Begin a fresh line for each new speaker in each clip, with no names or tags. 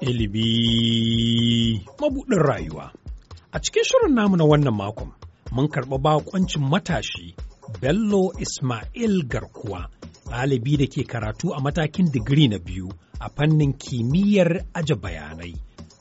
Ilibi mabuɗin rayuwa. A cikin shirin namu na wannan makon, mun karɓi bakoncin matashi Bello Ismail Garkuwa, ɗalibi da ke karatu a matakin digiri na biyu a fannin kimiyyar aje bayanai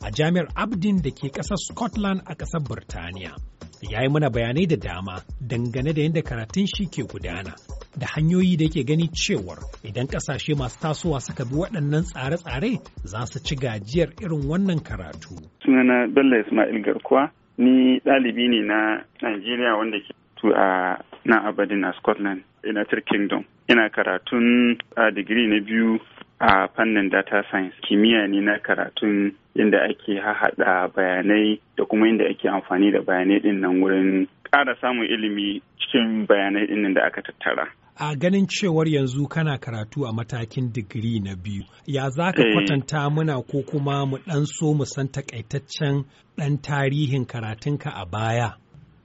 a jami'ar Abdin da ke ƙasar Scotland a ƙasar Birtaniya. ya yi mana bayanai da dama dangane da yadda karatun shi ke gudana da hanyoyi da yake gani cewar idan kasashe masu tasowa suka bi waɗannan tsare-tsare za su ci gajiyar irin wannan karatu.
Sunana Bello Ismail Garkuwa ni ɗalibi ne na Najeriya wanda ke tu a na Aberdeen a Scotland, United Kingdom. Ina karatun a digiri na biyu a fannin data science kimiyya ne na karatun inda ake hahaɗa bayanai da kuma inda ake amfani da bayanai ɗin nan wurin ƙara samun ilimi cikin bayanai ɗin da aka tattara.
A ganin cewar yanzu kana karatu a matakin digiri na biyu, ya za ka eh. kwatanta muna ko kuma mu ɗan so mu san takaitaccen ɗan tarihin karatunka a baya?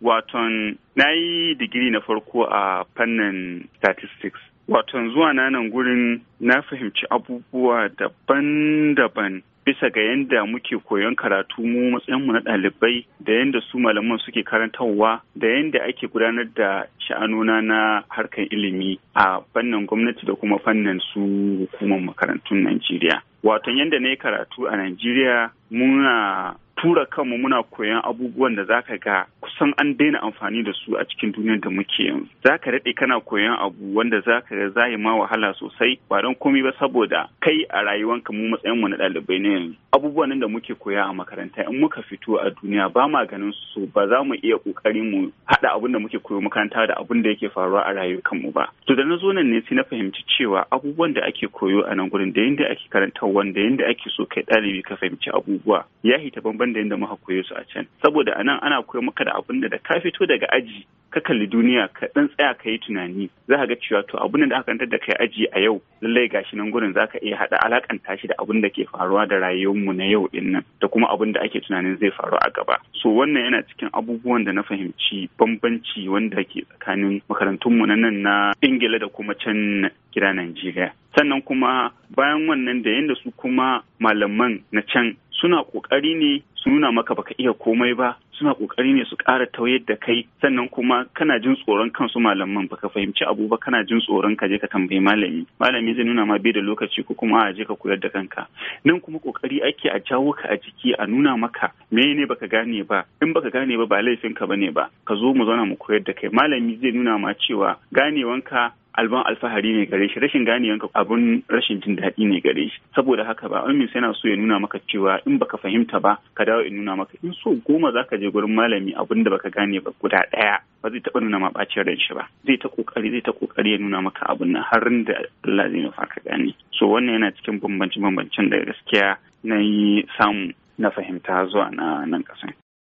Waton, na yi digiri na farko a fannin statistics Watan zuwa na nan gurin na fahimci abubuwa daban-daban bisa ga yadda muke koyon karatu mu matsayinmu na ɗalibai da yadda su malaman suke karantarwa da yadda ake gudanar da sha'anuna na harkar ilimi a fannin gwamnati da kuma fannin su hukumar makarantun Najeriya. Waton yadda na yi karatu a Najeriya muna tura kanmu muna koyan abubuwan da za ka ga kusan an daina amfani da su a cikin duniyar da muke yanzu Za ka daɗe kana koyan abu wanda za ka ga zai ma wahala sosai ba don komai ba saboda kai a rayuwanka mu matsayin mu na ɗalibai ne yanzu abubuwan da muke koya a makaranta in muka fito a duniya ba ma ganin su ba za mu iya ƙoƙarin mu haɗa abin da muke koyo makaranta da abin da yake faruwa a rayuwar kanmu ba to da na zo nan ne sai na fahimci cewa abubuwan da ake koyo a nan gurin da yadda ake karantar wanda yadda ake so kai ɗalibi ka fahimci abubuwa ya hita bamban da yadda muka koyo su a can saboda anan ana koyo maka da abin da ka fito daga aji ka kalli duniya ka dan tsaya ka yi tunani za ka ga cewa to abin da aka kantar da kai aji a yau lallai gashi nan gurin zaka iya hada alakanta shi da abun da ke faruwa da rayuwarmu na yau din nan da kuma abun da ake tunanin zai faru a gaba so wannan yana cikin abubuwan da na fahimci bambanci wanda ke tsakanin makarantunmu na nan na ingila da kuma can gida najeriya sannan kuma bayan wannan da yadda su kuma malaman na can suna ƙoƙari ne su nuna maka baka iya komai ba suna kokari ne su ƙara tauyar da kai sannan kuma kana jin tsoron kansu malaman baka fahimci abu ba kana jin tsoron ka je ka tambayi malami malami zai nuna ma bai da lokaci ko kuma a je ka koyar da kanka nan kuma kokari ake a jawo ka a jiki a nuna maka menene ne baka gane ba in baka gane ba ba laifin ka bane ba ka zo mu zauna mu koyar da kai malami zai nuna ma cewa ganewanka alban alfahari ne gare shi rashin ganewanka abun rashin jin daɗi ne gare shi saboda haka ba amin yana so ya nuna maka cewa in baka fahimta ba ka dawo in nuna maka in so goma zaka je gurin malami abun da baka gane ba guda ɗaya ba zai taɓa nuna ma ɓacin ran shi ba zai ta kokari zai ta kokari ya nuna maka abun nan har da Allah zai nufa ka gane so wannan yana cikin bambance bambancin da gaskiya na yi samu na fahimta zuwa na nan kasan